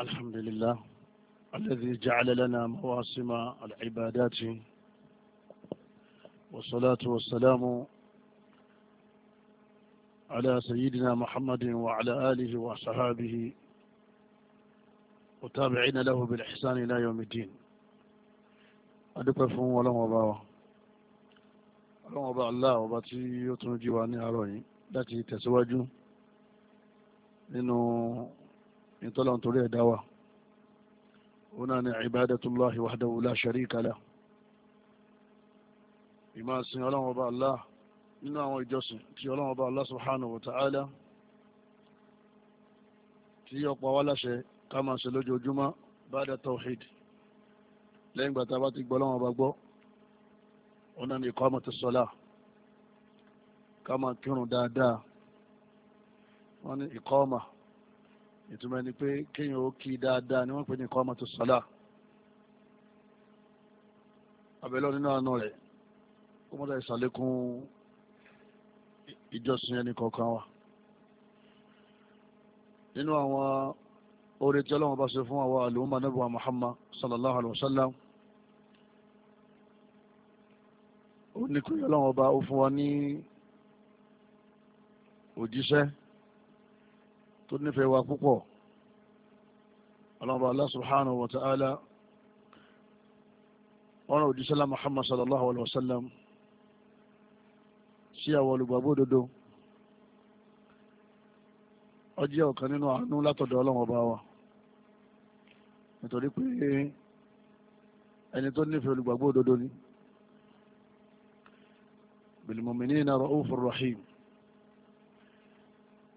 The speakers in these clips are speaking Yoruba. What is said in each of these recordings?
الحمد لله الذي جعل لنا مواسم العبادات والصلاة والسلام على سيدنا محمد وعلى آله وصحابه وتابعين له بالإحسان إلى يوم الدين فهم ولم وباوة ولم وباء الله وباتي يتنجي واني أروي التي تسواجه nítorí àwọn torí ẹ̀dá wa ó náà ní ibadatullahi wahdahu la sharika lah ìmáa sin ọlọ́run ọba Allah nínú àwọn ìjọsìn tí ọlọ́run ọba Allah subhanahu wa ta'ala tí ọ̀pọ̀ wa láṣẹ ká máa ṣe lójoojúmọ́ ba'da tawhid lẹ́yìn gbàtà bá ti gbọ́ ọlọ́run ọba gbọ́ ó náà ní iqamati salah ká máa kírun dáadáa wọ́n ní iqama ìtumọ̀ ni pé kéèyàn ó kí dáadáa ni wọ́n pè ní kọ́mọ́tò sọ́lá abẹ́lẹ́ nínú àánú rẹ̀ kó mọ́tà ìsàlékún ìjọsìn ẹni kọ̀ọ̀kan wa nínú àwọn oore tí ọlọ́run bá ṣe fún àwọn àlùmọ́ anábọ̀ Muhammad sallallahu alayhi wa sallam ó ní kí ọlọ́run ọba ó fún wa ní òjíṣẹ́ tó nífẹ̀ẹ́ wa púpọ̀ ọlọ́mọba Allah subhanahu wa ta'ala wọn rò jísẹ́lá Muhammad sallallahu alaihi wa sallam sí àwọn olùgbàgbọ́ òdodo ó jẹ́ ọ̀kan nínú àánú látọ̀dọ̀ ọlọ́run ọba wa nítorí pé ẹni tó nífẹ̀ẹ́ olùgbàgbọ́ òdodo ni bil mu'minina ra'ufur rahim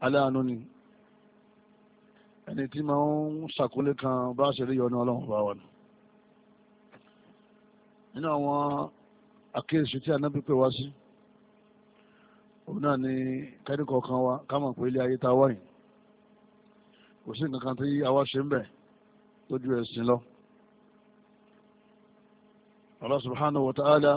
aláàánú ni ẹni tí máa ń ṣàkólé kan bá ṣe rí yọnu ọlọ́run bá wà nù nínú àwọn àkíyèsí tí anábì pè wá sí òun náà ni kẹ́nìkọ̀ kan wá ká mọ̀ pé ilé ayé ta wá yìí kò sí nǹkan kan tí àwa ṣe ń bẹ̀ lójú ẹ̀sìn lọ. Allah subhanahu wa ta'ala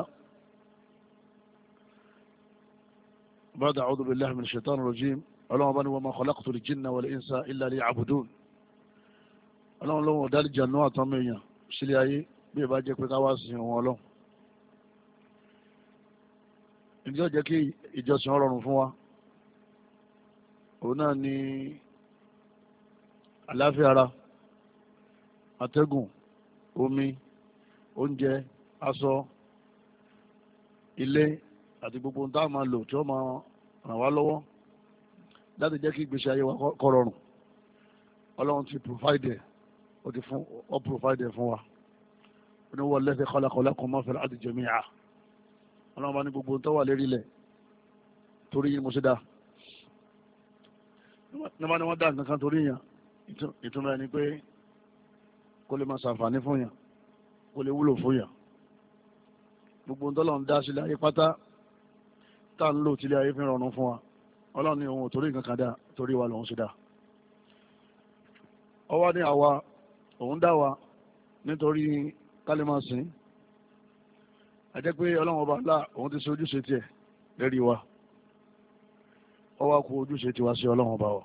ba'da a'udhu billahi minash shaitanir rajim ọlọ́wọ́n bá ní wa ma khalaqtul jinna wal insa illa liya'budun ọlọ́wọ́n lọ́wọ́ dárí jànú àtọ́mọ èèyàn sílé ayé bí ẹ bá jẹ́ pé káwá sin wọn ọlọ́run ǹjẹ́ ó jẹ́ kí ìjọsìn ọlọ́run fún wa òun náà ni àláfíà ara atẹ́gùn omi oúnjẹ aṣọ ilé àti gbogbo ohun tá a máa lò tí ó máa ràn wá lọ́wọ́ láti jẹ́ kí ìgbésí ayé wa kó rọrùn ọlọ́run ti provide ẹ̀ ó ti fún ọ provide ẹ̀ fún wa ó ní wọ́n lẹ́sẹ̀ kọ́lákọ́lá kan máa fẹ́rẹ̀ àti jẹ̀mí à ọlọ́run bá ní gbogbo tó wà lérí ilẹ̀ torí yín mo ṣe dá nígbà ni wọ́n dá nǹkan kan torí yàn ìtumọ̀ ẹni pé kó lè máa ṣàǹfààní fún yàn kó lè wúlò fún yàn gbogbo tó lọ́n dá sílẹ̀ ayé pátá tá à ń lò tílé ayé fi rọrùn fún wa ọlọ́run ni òun torí nǹkan kan dá torí wa lòun ṣe dá ọwọ́ ní àwa òun dá wa nítorí kálímà sí a jẹ́ pé ọlọ́run ọba ńlá òun ti ṣe ojúṣe tiẹ̀ lérí wa ọwọ́ kú ojúṣe tiwa sí ọlọ́run ọba wa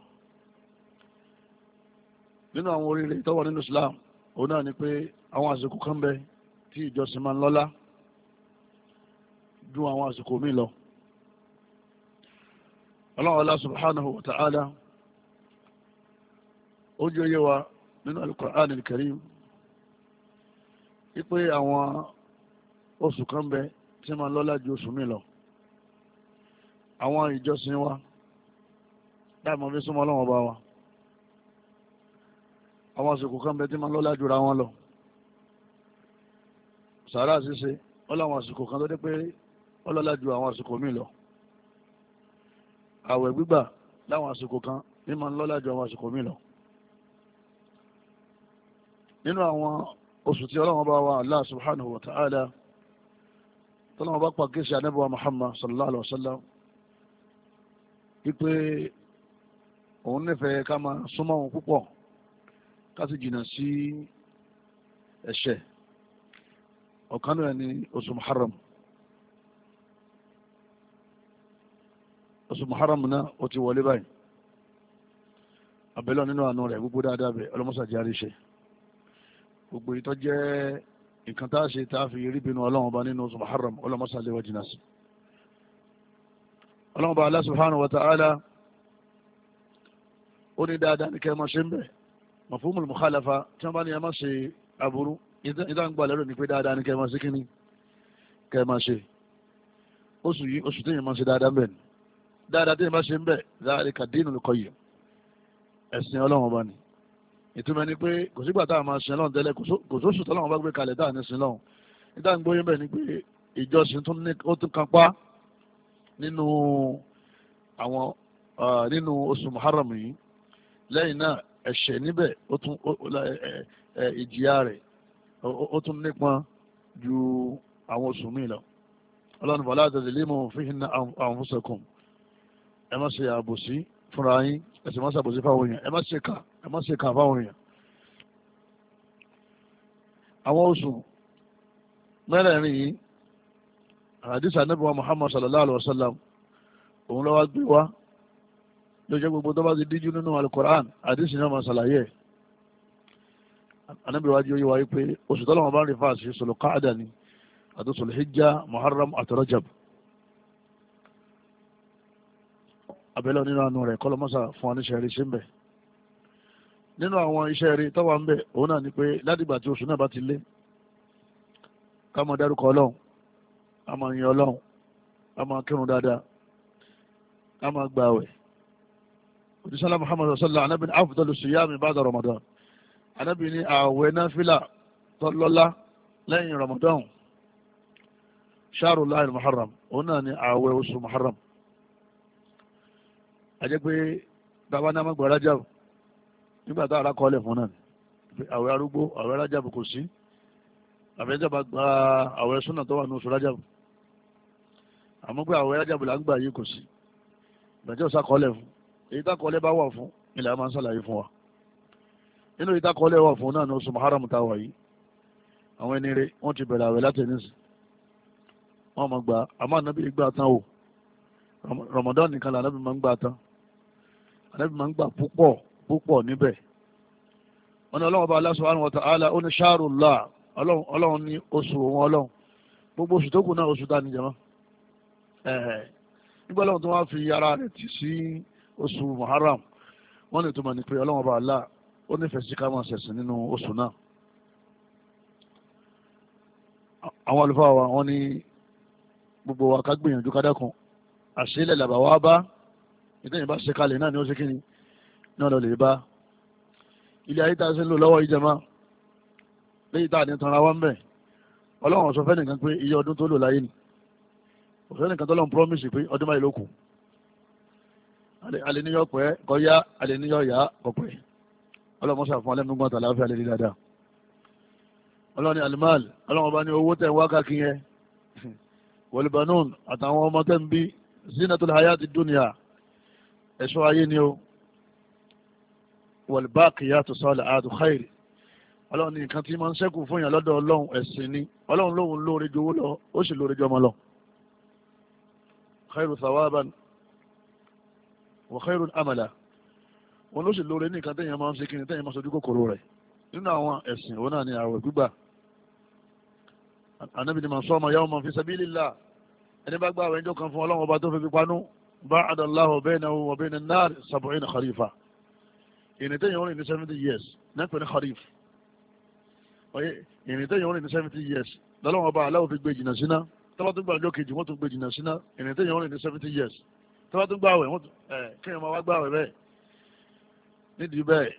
nínú àwọn oríire ìtọ́wọ̀ nínú Islam òun náà ni pé àwọn àsìkò kan bẹ tí ìjọsìn máa ń lọ́lá ju àwọn àsìkò míì lọ ọlọ́run Allah subhanahu wa ta'ala ó jẹ́ oyé wa nínú al-Qur'an al-Karim wípé àwọn oṣù kan bẹ tí máa lọ́lá ju oṣù mi lọ àwọn ìjọsìn wa dáàmú fi súnmọ́ ọlọ́run ọba wa àwọn àsìkò kan bẹ tí máa lọ́lá jura wọn lọ sàárà ṣíṣe ọlọ́run àsìkò kan tó dé pé ọlọ́lá ju àwọn àsìkò mi lọ àwẹ̀ gbígbà láwọn àsìkò kan ní máa ń lọ́lá ju àwọn àsìkò míì lọ nínú àwọn oṣù tí ọlọ́run bá wa Allah subhanahu wa ta'ala tọ́lọ́run bá pàkíyèsí anábọ̀ Muhammad sallallahu alayhi wa sallam wípé òun nífẹ̀ẹ́ ká máa súnmọ́ òun púpọ̀ ká sì jìnnà sí ẹ̀ṣẹ̀ ọ̀kanú ẹni oṣù Muharram oṣù muharram náà ó ti wọlé báyìí àbẹ̀lọ nínú àánú rẹ̀ gbogbo dáadáa bẹ̀ ọlọ́mọṣà jẹ́ àríṣe gbogbo ìtọ́ jẹ́ nǹkan tá a ṣe tá a fi rí bínú ọlọ́run ọba nínú oṣù muharram ọlọ́mọṣà léwọ́ jìnnà sí ọlọ́run ọba Allah subhanahu wa ta'ala ó ní dáadáa ní kẹ́ ẹ máa ṣe ń bẹ̀ mafhumul mukhalafa tí wọ́n bá ní ẹ má ṣe aburú ìdáǹgbà lẹ́rọ dáadáa tí ìbá ṣe ń bẹ̀ zalika dinul qayyim ẹ̀sìn ọlọ́run ọba ni ìtumọ̀ ni pé kò sígbà tá a máa sin ọlọ́run tẹ́lẹ̀ kò sóṣù tọ́lọ́run bá gbé kalẹ̀ tá a ní sin ọlọ́run níta gbóyè bẹ́ẹ̀ ni pé ìjọsìn tún ní ó tún kan nínú àwọn nínú oṣù muharram yìí lẹ́yìn náà ẹ̀ṣẹ̀ níbẹ̀ ó tún ìjìyà rẹ̀ ó tún nípọn ju àwọn oṣù míì lọ ọlọ́run fala tazlimu fihinna anfusakum ẹ má ṣe àbòsí fúnra yín ẹ sì má ṣàbòsí fáwọn èèyàn ẹ má ṣe kà ẹ má ṣe kà fáwọn èèyàn. àwọn oṣù mẹ́rẹ̀ẹ̀rin yìí àdìsá níbi wa Muhammad sallallahu alayhi wa sallam òun lọ́wọ́ gbé wá lójú gbogbo tó bá ti díjú nínú alukoran àdìsí náà máa ṣàlàyé ẹ̀ anábìrì wájú yíwá pé oṣù tọ́lọ́mọ bá ń rí fáàsì sọ̀lọ́ káàdà ni àti sọ̀lọ́ hijja muharram àti rajab abẹ́lẹ́ nínú àánú rẹ̀ kọ́lọ́mọ́sà fún wa níṣẹ́ rí sí ń bẹ̀ nínú àwọn iṣẹ́ rí tọ́wà ń bẹ̀ òun náà ni pé ládìgbà tí oṣù náà bá ti lé ká máa dárúkọ ọlọ́run ká máa yin ọlọ́run ká máa kírun dáadáa ká máa gbààwẹ̀ òjísàlá muhammadu sallallahu anábì ní afdalu siyami ba'da ramadan anábì ní ààwẹ̀ náfìlà tọ́lọ́lá lẹ́yìn ramadan shahrullahi al-muharram òun náà ni ààwẹ̀ oṣù muharram àjẹ́ pé bàbá náà má gbọ́ rájàbù nígbà tá ara kọ́lẹ̀ fún náà àwẹ̀ arúgbó àwẹ̀ rájàbù kò sí àfẹ́jọba gba àwẹ̀ súnà tó wà ní oṣù rájàbù àmọ́ pé àwẹ̀ rájàbù là ń gbà yìí kò sí ìgbàjọ́ sàkọ́lẹ̀ fún èyí tákọ́lẹ̀ bá wà fún ilẹ̀ a máa ń sàlàyé fún wa nínú èyí tákọ́lẹ̀ wà fún náà ní oṣù maharam tá wà yìí àwọn ẹni rẹ wọ́n ti bẹ̀rẹ̀ àwẹ̀ láti ẹnìsì wọ́n máa gba àmọ́ ànábì ànábì máa ń gbà púpọ̀ púpọ̀ níbẹ̀ wọn ni ọlọ́run ọba Allah subhanahu wa ta'ala ó ní shahrullah ọlọ́run ní oṣù wọn ọlọ́run gbogbo oṣù tó kù náà oṣù dání jẹ́ mọ́ nígbà ọlọ́run tó wá fi ara rẹ̀ tì sí oṣù muharram wọ́n lè tó mọ̀ pé ọlọ́run ọba Allah ó nífẹ̀ẹ́ sí ká máa ṣẹ̀sìn nínú oṣù náà àwọn àlùfáà wa wọ́n ní gbogbo wa ká gbìyànjú ká dákun àṣílẹ̀ làbà wá bá ìtẹ̀yìn bá ṣe kalẹ̀ náà ni ó ṣe kíni náà lọ lè bá ilé ayé tá a ṣe ń lò lọ́wọ́ ìjẹma léyìí tá a ní tanra wá ń bẹ̀ ọlọ́run sọ fẹ́nìkan pé iye ọdún tó lò láyé ni òṣèré nìkan tó lọ́n promise pé ọdún báyìí ló kù alẹ́ níyọ̀ pẹ́ kọ́ yá alẹ́ níyọ̀ yá kọ́ pẹ́ ọlọ́run sọ fún alẹ́nu gbọ́n tàlàáfíà lè rí dáadáa ọlọ́run ni alimal ọlọ́run bá ní owó tẹ̀ wá káàkiri yẹn wọlé banon àtàwọn ọmọ tẹ̀ ẹ̀ṣọ́ ayé ni o walbaqiyatu salihatu khair ọlọ́run ní nǹkan tí máa ń ṣẹ́kù fún yàn lọ́dọ̀ ọlọ́run ẹ̀sìn ni ọlọ́run lóhun lóore ju owó lọ ó sì lóore ju ọmọ lọ. khairu thawaban wa khairu amala wọn ló sì lóore ní nǹkan téèyàn máa ń ṣe kí ni téèyàn máa ṣojú kòkòrò rẹ̀ nínú àwọn ẹ̀sìn òun náà ni àwẹ̀ gbígbà anábìnrin màá sọ ọmọ yàwó màá fi sabilillah ẹni bá gbà àwẹ̀ ẹjọ́ kan fún ọlọ́run ọba tó fi fi panú ba'ada Allahu bainahu wa baina an-nar sab'ina kharifa ìrìn tẹ́yìn orin ní seventy years nẹ́pẹ̀ ní kharif ọyẹ ìrìn tẹ́yìn orin ní seventy years lọ́lọ́wọ́n bá aláwọ̀ fi gbé jìnnà síná tọ́lá tó gba ọjọ́ kejì wọ́n tó gbé jìnnà síná ìrìn tẹ́yìn orin ní seventy years tọ́lá tó gbà wẹ̀ wọ́n kéèyàn máa wá gbà wẹ̀ bẹ́ẹ̀ nídìí bẹ́ẹ̀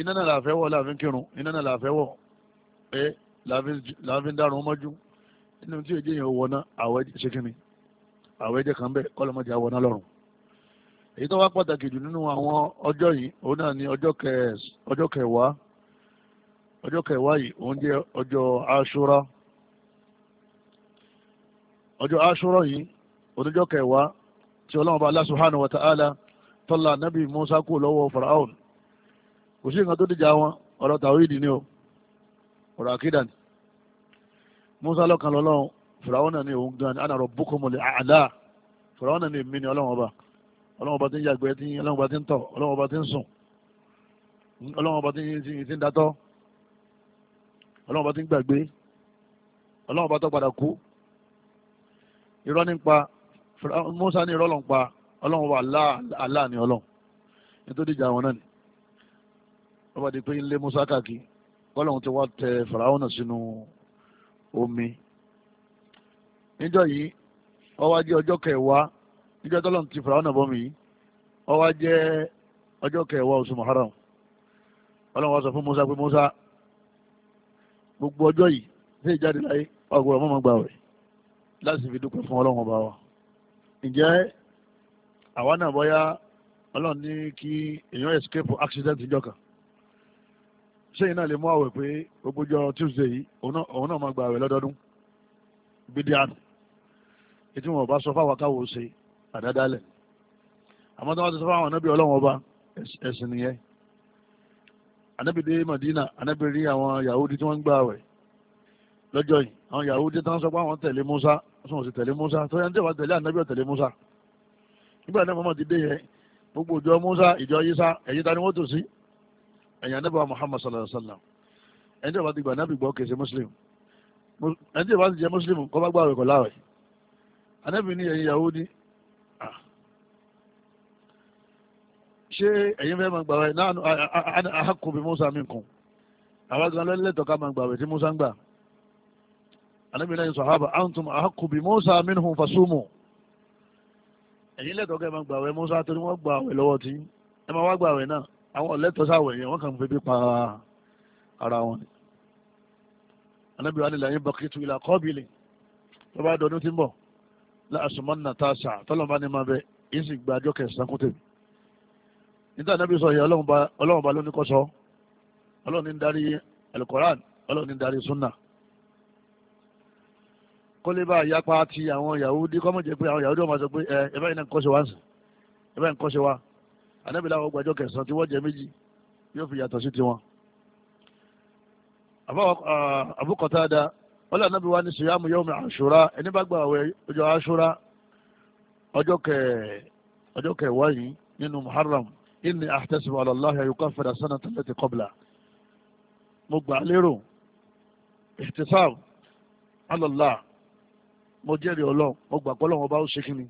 iná náà làfẹ́ wọ̀ láàfin kírun iná náà làfẹ́ wọ̀ ẹ́ láàfin dárun mọ́jú nínú tí èjì yẹn wọ̀ ná àwẹ̀ ṣe kínni àwọn ẹ̀jẹ̀ kan bẹ́ẹ̀ kọ́ lọ́mọdé àwọn náà èyí tó wá pàtàkì jù nínú àwọn yìí òun náà ni ọjọ́ kẹwàá ọjọ́ kẹwàá yìí òun jẹ́ ọjọ́ aṣúra ọjọ́ yìí kẹwàá tí ta'ala Musa ku lọ́wọ́ Faraon kò sí nǹkan tó dìjà wọn ọ̀rọ̀ tàwídì ni o ni Musa lọ́kàn fìràwọ́nà ni òun gan ana rabbukumul a'la fìràwọ́nà ni èmi ni ọlọ́run ọba ọlọ́run ọba ti ń yàgbẹ́ tí ọlọ́run ọba ti ń tọ̀ ọlọ́run ọba ti ń sùn ọlọ́run ọba ti ń datọ́ ọlọ́run ọba ti ń gbàgbé ọlọ́run ọba tó padà kú irọ́ nípa Musa ní irọ́ lọ́n pa ọlọ́run ọba Allah ni ọlọ́run nítorí ìjà àwọn náà ni ọba di pé ń lé Musa káàkiri kọ́lọ́run ti wá tẹ fìràwọ́nà sínú omi níjọ́ yìí ó wá jẹ́ ọjọ́ kẹwàá níjọ́ tọ́lọ́n ti fara ọ̀nà bọ́mi yìí ó wá jẹ́ ọjọ́ kẹwàá oṣù muharram ọlọ́run wá sọ fún musa pé musa gbogbo ọjọ́ yìí ṣé ìjáde láyé ọgbọ̀rọ̀ mọ́mọ́ gbà wẹ̀ láti fi dúpẹ́ fún ọlọ́run ọba wa ǹjẹ́ àwa náà bọ́yá ọlọ́run ní kí èèyàn escape accident ìjọ kan ṣé yìí náà lè mú àwẹ̀ pé gbogbo ọjọ́ tuesday yìí òun náà máa gbà wẹ̀ lọ́dọọdún bidian ètí wọn bá sọ fáwọn káwọ ṣe àdádálẹ̀ àmọ́ tí wọ́n ti sọ fáwọn anábì ọlọ́wọ́n ọba ẹ̀sìn nìyẹn anábì dé Madina anábì rí àwọn Yahudi tí wọ́n ń gbà wẹ̀ lọ́jọ́ yìí àwọn Yahudi tí wọ́n sọ pé àwọn tẹ̀lé Musa sọ wọn sì tẹ̀lé Musa tó yẹn ń tẹ̀wá tẹ̀lé anábì ọ̀ tẹ̀lé Musa nígbà náà mọ́mọ́ ti dé yẹn gbogbo ìjọ Musa ìjọ Isa èyí ta ni wọ́n tò sí ẹ̀yìn anábì wa Muhammad sallallahu alayhi wa sallam ẹni tí wọ́n bá ti gbà anábì gbọ́ kèsè Muslim ẹni tí ìbá ti jẹ́ mùsùlùmí kọ́ bá gbà àwẹ̀ kọ́ láwẹ̀ anábì ní ẹ̀yin Yahudi ṣé ẹ̀yin fẹ́ máa gbàwẹ̀ náà ahakku bi Musa minkum àwọn gan lẹ́lẹ́tọ̀ ká máa gbàwẹ̀ tí Musa ń gbà anábì náà sọ̀hábà antum ahakku bi Musa minhum fasumu ẹ̀yin lẹ́tọ̀ ká máa gbàwẹ̀ Musa torí wọ́n gbàwẹ̀ lọ́wọ́ tí ẹ máa wá gbàwẹ̀ náà àwọn ọ̀lẹ́tọ̀ sáwẹ̀ yẹn wọ́n kàn fi bí pa ara wọn ni anábì wa nílẹ̀ yín bọ́kítù ìlà kọ́bìlì tó bá dọ̀dún tí ń bọ̀ láàṣùmọ́nà tàṣà tọ́lọ́n bá ní máa bẹ yín sì gba ajọ́ kẹsàn-án kún tèmi níta anábì sọ yẹ ọlọ́run ba ló ní ọlọ́run ní ń darí alukoran ọlọ́run ní ń darí sunna kó lè bá yapa ti àwọn yahudi kọ́mọ̀ jẹ́ pé àwọn yahudi wọn máa sọ pé ẹ ẹ báyìí náà ń kọ́ṣe wá ń sìn ẹ báyìí ń kọ́ṣe wá anábì láwọn gbàjọ́ kẹsàn-án tí wọ́n jẹ méjì yóò fi yàtọ̀ sí tiwọn Abu Qatada wọ́n lé anábì wa ní siyamu yawmi àṣúra ẹni bá gba àwẹ̀ ọjọ́ àṣúra ọjọ́ kẹ ọjọ́ kẹwàá yìí nínú muharram inni ahtasibu ala Allahi yukaffira sanata allati qabla mo gbà lérò ihtisab ala Allah mo jẹ́rìí ọlọ́ mo gbà pé ọlọ́wọ́n bá ó ṣe kí ni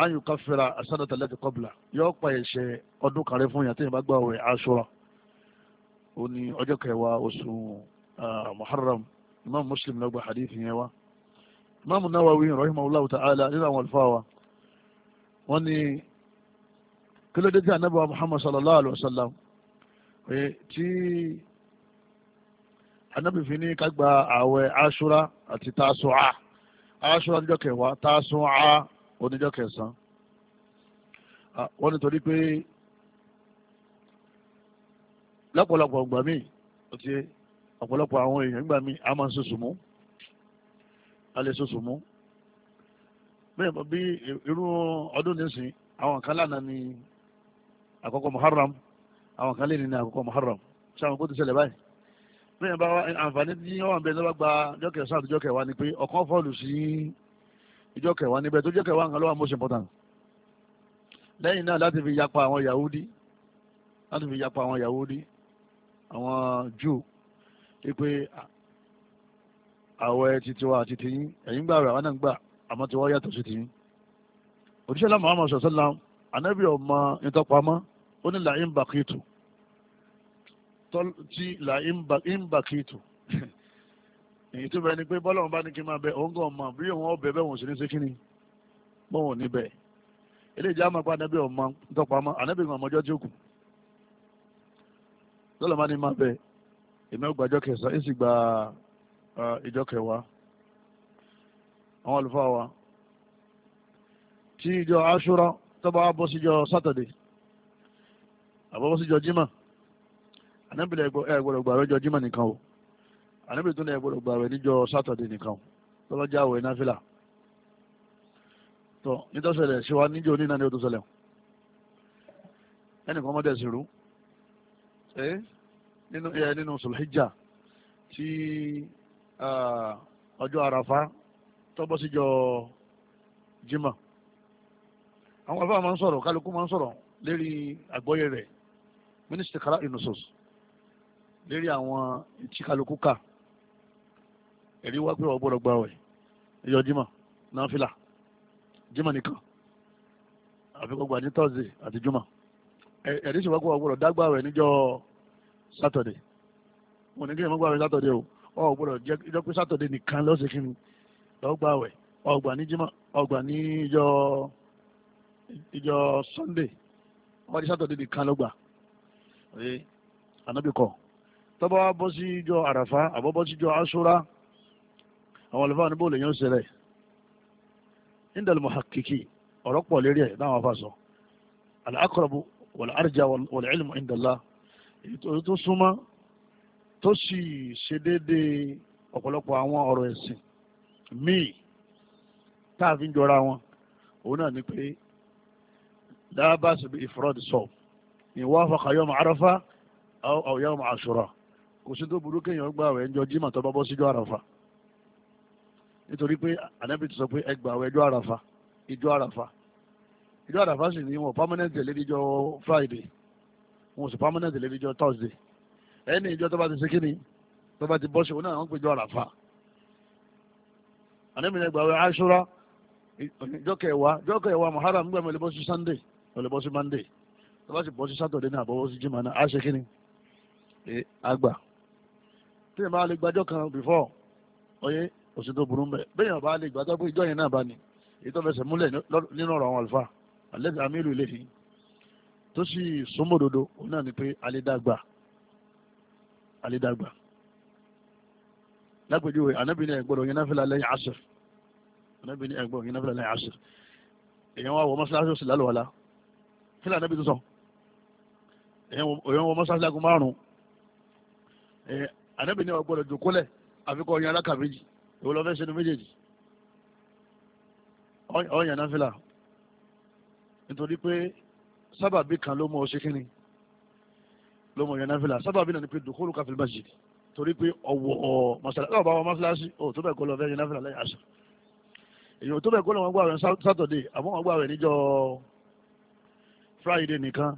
an yukaffira sanata allati qabla yóò pa ẹ̀ṣẹ̀ ọdún kàrẹ́ fún yàtọ̀ yìí bá gba àwẹ̀ àṣúra ó ní ọjọ́ kẹwàá oṣù muharram imam muslim ló gba hadith yẹn wá imam nawawi rahimahullahu ta'ala nínú àwọn àlùfáà wa wọ́n ní kí ló dé tí anábọ̀ muhammad sallallahu alayhi wa sallam tí anábì fi ní ká gba ààwẹ̀ aṣúra àti tasu'a aṣúra níjọ́ kẹwàá tasu'a oníjọ́ kẹsàn-án wọ́n nítorí pé lọ́pọ̀lọpọ̀ ọgbà míì ó ti ọ̀pọ̀lọpọ̀ àwọn èèyàn gbà míì a máa ń sọ̀sùn mú a lè sọ̀sùn mú bẹ́ẹ̀ bí irú ọdún nísìn àwọn kan lánàá ni àkọ́kọ́ muharram àwọn kan lè ní àkọ́kọ́ muharram sáwọn kó ti ṣẹlẹ̀ báyìí bẹ́ẹ̀ bá àǹfààní tí wọ́n wà ń bẹ ní wọ́n gba jọ́kẹ̀ sáà jọ́kẹ̀ wa ni pé ọ̀kan fọ́ọ̀lù sí ìjọ́kẹ̀ wa níbẹ̀ tó jọ́kẹ̀ wa nǹkan ló wà most important lẹ́yìn náà láti fi yapa àwọn Yahudi láti fi yapa àwọn Yahudi àwọn jù wípé àwẹ̀ titi wa àti tiyín ẹ̀yin gbà rẹ̀ àwọn náà gbà àmọ́ tí yàtọ̀ sí tiyín. òjíṣẹ́ lámà àmọ́ sọ̀sọ́ la ànábì ọmọ ìtọ́pamọ́ ó ní là ń bà kìtù tí là ń bà kìtù èyí tó bẹ ni pé bọ́lá wọn bá ní kí n máa bẹ òun gan mọ bí òun ọbẹ̀ bẹ́ẹ̀ wọn sì ní sí kíni bọ́n ò ní bẹ̀ eléyìí jẹ́ àmọ́ pa ànábì ọmọ ìtọ́pamọ́ ànábì ọmọ ọjọ́ tí ó kù lọ́la máa ní máa bẹ èmi ọgbà ìjọ kẹsàn-án èsì gba ìjọ kẹwàá àwọn àlùfáà wa tí ìjọ aṣúra tọ́ba bọ́ síjọ sátọ̀dẹ̀ àbọ̀bọ́ síjọ jimá anábìlẹ̀ ẹgbọ̀rọ̀ gbàrọ̀ jọ jimá nìkan o anábìlẹ̀ tó ní ẹgbọ̀rọ̀ gbàrọ̀ níjọ sátọ̀dẹ̀ nìkan o tọ́lọ́ já àwẹ̀ náfìlà tọ́ nítọ́sẹ̀lẹ̀ ṣe wa níjọ oníná ni ó tó ṣẹlẹ̀ ẹnì mọ́tẹ̀ sí rú nínú sùlhíjà tí ọjọ́ àràfá tọ́bọ́ síjọ jimá àwọn afẹ́ máa ń sọ̀rọ̀ kálukú máa ń sọ̀rọ̀ lérí àgbọ́yé rẹ̀ mínísítì kara inusos lérí àwọn tí kálukú kà ẹ̀rí wá pé ọgbọ́dọ̀ gba ọ̀ẹ́ ẹ̀yọ jimá náfìlà jimá nìkan àfikún gbà ní tọ́sídẹ̀ẹ́ àti jumá ẹ̀rí sì wá pé ọgbọ́dọ̀ dágbà ọ̀ẹ́ níjọ́ saturday wọn ní kí ẹ̀mọ́ gbàwẹ̀ o ọ gbọ́dọ̀ jẹ́ ìjọ pé sátọ̀dẹ̀ nìkan lọ́sẹ̀ kí ni ọgbà ní jímọ̀ ọgbà ní ìjọ ìjọ sunday ọgbà ní sátọ̀dẹ̀ nìkan lọ́gbà ọ̀yẹ́ ànábì kọ̀ tọ́ba sí ìjọ sí ìjọ àwọn olùfà ní bóòlù yẹn ń indal lérí arja èyí tó súnmọ́ tó sì ṣe déédéé ọ̀pọ̀lọpọ̀ àwọn ọ̀rọ̀ ẹ̀sìn míì tá a fi ń jọra wọn òun náà ni pé dábàásì bí ìfúrọ́dì sọ ìwà àfọkàyọ́ mọ̀ àràfà àwòyá mọ̀ àṣùrà kò sí tó burú kéèyàn gbà wẹ̀ ń jọ jímọ̀ tó bá bọ́ síjọ́ àràfà nítorí pé ànábì ti sọ pé ẹ gbà wẹ̀ ẹjọ́ àràfà ìjọ àràfà ìjọ àràfà sì ni wọn permanent lẹ́ni ìjọ Friday wọn sì permanent lè níjọ thursday ẹni ìjọ tó bá ti ṣe kí ni tó bá ti bọ́ ṣe òun náà wọ́n péjọ àràfà àníbìnrin gbàwé aṣọra ìjọ kẹwàá ìjọ kẹwàá muharram gbà mí lè bọ́ sí sunday lè bọ́ sí monday tó bá sì bọ́ sí saturday náà bọ́wọ́ sí jimá náà á ṣe kí ni àgbà tí ìbá lè gbàjọ kan before ọyẹ òsì tó burú mbẹ bẹ́ẹ̀ yẹn bá lè gbàjọ pé ìjọ yẹn náà bá ní èyí tó nínú ọ̀rọ̀ àwọn àlùfáà àlẹ́ àmì ìlú ilé yìí tó sì súnmọ́dodo òun náà ni pé alédàgbà alédàgbà lápèjúwe ànábì ní ẹ̀gbọ́dọ̀ yẹn náfìlà lẹ́yìn asr ànábì ní ẹ̀gbọ́dọ̀ yẹn náfìlà lẹ́yìn asr èèyàn wá wọ mọ́sálásí òsì lálùwàlá kí ni ànábì tó sọ èèyàn wọ mọ́sálásí àgùn márùn-ún ànábì ní ẹ̀gbọ́dọ̀ jòkólẹ̀ àfikọ́ yẹn alákà èwo lọ fẹ́ ṣe méjèèjì ọ̀yàn náfìlà nítorí pé sábàbí kan ló mú ọ ṣe kínní ló mú ọ yẹn náfìlà sábàbí náà ni pé dùkúrú káfíń masjid torí pé ọwọ́ ọ masalasi ọba wa masalasi ọ tó bẹ̀ kọ́ lọ fẹ́ yẹn náfìlà lẹ́yìn àṣà èyàn tó bẹ̀ kọ́ lọ wọn gbà rẹ̀ sátọ̀dé àmọ́ wọn gbà rẹ̀ níjọ́ friday nìkan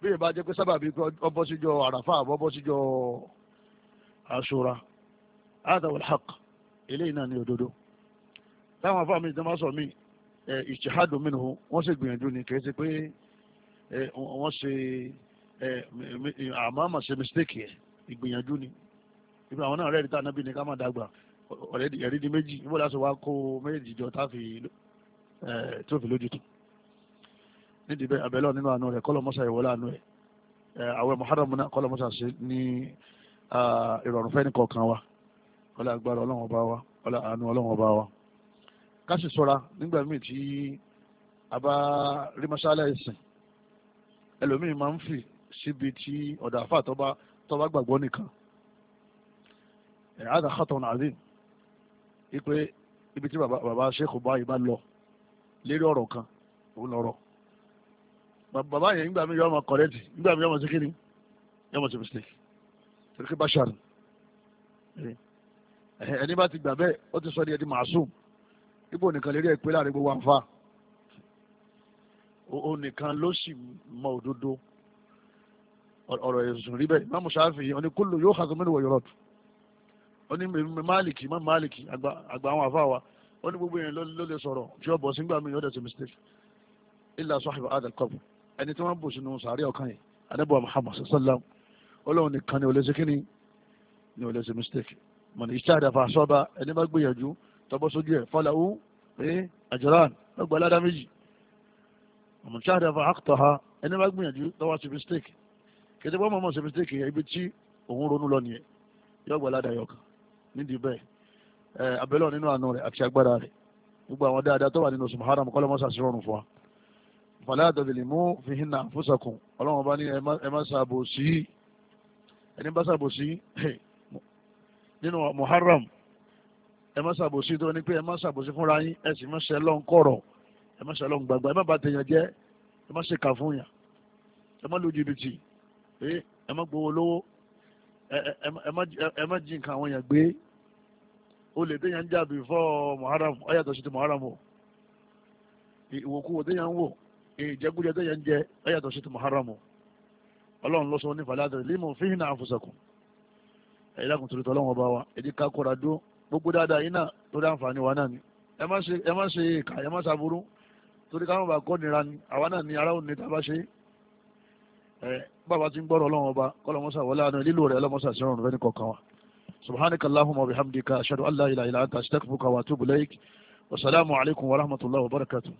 bí ìbá jẹ́ pé sábàbí pé ọbọ̀ síjọ́ àràfà àbọ̀ ọbọ̀ síjọ́ àṣùrà adawul haq eléyìí náà ní òdodo táwọn afáàmì ìjọba sọ mí ìṣèhádùn mí nù wọ́n sì gbìyànjú ni kì í ṣe pé wọ́n ṣe àmọ́ àmọ́ ṣe mistake yẹn ìgbìyànjú ni ibi àwọn náà rẹ̀ níta nábì ní ká má dàgbà ẹ̀rí di méjì níbo láti wá kó méjì jọ tó fi lójútù nídìí bẹ́ẹ̀ abẹ́lẹ́ nínú àánú rẹ̀ kọ́lọ́ mọ́sá ìwọlé àánú ẹ̀ àwẹ̀ muharram náà kọ́lọ́ mọ́sá ṣe ní ìrọ̀rùn fẹ́ni kọ̀ọ̀kan wa ọlá agbára ọlọ́wọ́n bá wa ọlá àánú ọlọ́wọ́n bá wa ká sì sọ́ra nígbà míì tí a bá rí mọ́sálẹ̀ ìsìn ẹlòmíì máa ń fì síbi tí ọ̀dà àfà tọ́ba tọ́ba gbàgbọ́ nìkan ẹ̀hádà khatun azim ipe ibi tí bàbá sheikh báyìí bá lọ lérí ọ̀rọ̀ kan òun lọ́rọ̀ bàbá yẹn nígbà mi yọ ọmọ kọ̀rẹ́tì nígbà mi yọ ọmọ sí kíni yọ ọmọ sí mistake torí kí bashar ẹni bá ti gbà bẹ́ẹ̀ ó ti sọ ní ẹni màásùm ibo nìkan lérí ẹ̀ pé láàrin gbogbo àǹfà òun nìkan ló sì mọ òdodo ọ̀rọ̀ ẹ̀sùn rí bẹ́ẹ̀ Imam Shafi'i oní kullu yu'khadhu minhu wa yurad oní Maliki Imam Maliki àgbà àwọn àfa wa ó ní gbogbo yẹn ló lè sọ̀rọ̀ tí ó bọ̀ sígbà mi yóò dẹ̀ ṣe mistake illa sahib adal qabr ẹni tí wọ́n bò sínú sàárẹ̀ ọ̀kan yìí anábọ̀ Muhammad sallam ọlọ́run nìkan ni ò lè ni ò lè ṣe mistake mọ̀nà iṣẹ́ àdàfà sọ́ba ẹni bá gbìyànjú tọ́bọ́ ẹ̀ fọ́láwú pé eh, àjọrán lọ́gbà aládá méjì àmùtáàdà fa àkùtàhà ẹni bá gbìyànjú lọ́wọ́ ṣe mistake kété bọ́ mọ̀mọ́ ṣe mistake yẹn ibi tí òun ronú lọ nìyẹn yóò gbà ládàá yọkàn nídìí bẹ́ẹ̀ ẹ abẹ́lọ́ nínú àánú rẹ̀ àti agbára rẹ̀ gbogbo àwọn dáadáa tó wà nínú oṣù muharram kọ́lọ́ mọ́sá sí rọrùn fún wa fàlẹ́ àtọ̀bìlì mú fi hinna fúsàkùn ọlọ́run bá ní ẹ má ṣàbò sí ẹni bá ṣàbò sí nínú muharram ẹ má ṣàbò sí tó ní pé ẹ má ṣàbò sí fúnra yín ẹ sì má ṣe ẹ má ṣàlọ́hùn gbàgbà ẹ má bà tèèyàn jẹ́ ẹ má ṣe kà fún yàn ẹ má lu jìbìtì ẹ má gbowó lówó ẹ má jí nǹkan àwọn yàn gbé olè téèyàn ń jà before Muharram ó yàtọ̀ sí ti Muharram o ìwòkuwò téèyàn ń wò ìjẹkújẹ téèyàn ń jẹ ó yàtọ̀ sí ti Muharram o ọlọ́run ló sọ ní fàlàdàrẹ́ límù fíhìn náà àfọ̀sẹ̀kùn ẹ̀yìn lákùn torí tọ́lọ́wọ́n bá wa èdè ká kóra dó gbogbo dáadáa yìí náà tó dáǹfààní wa náà ni ẹ má ṣe ìkà ẹ má ṣàbúrú torí káwọn bá kọ́ nira ni àwa náà ni aráwọ̀ ní tábà ṣe ẹ bàbá ti ń gbọ́rọ̀ ọlọ́run ọba kọ́lọ́mọ́sà wọlé àná lílo rẹ̀ ọlọ́mọ́sà sí ọ̀run rẹ̀ kọ̀ọ̀kan wa subhanaka allahumma wa bihamdika ashhadu an ilaha illa anta astaghfiruka wa atubu ilaik wa salaamu alaykum wa rahmatullahi wa barakatuh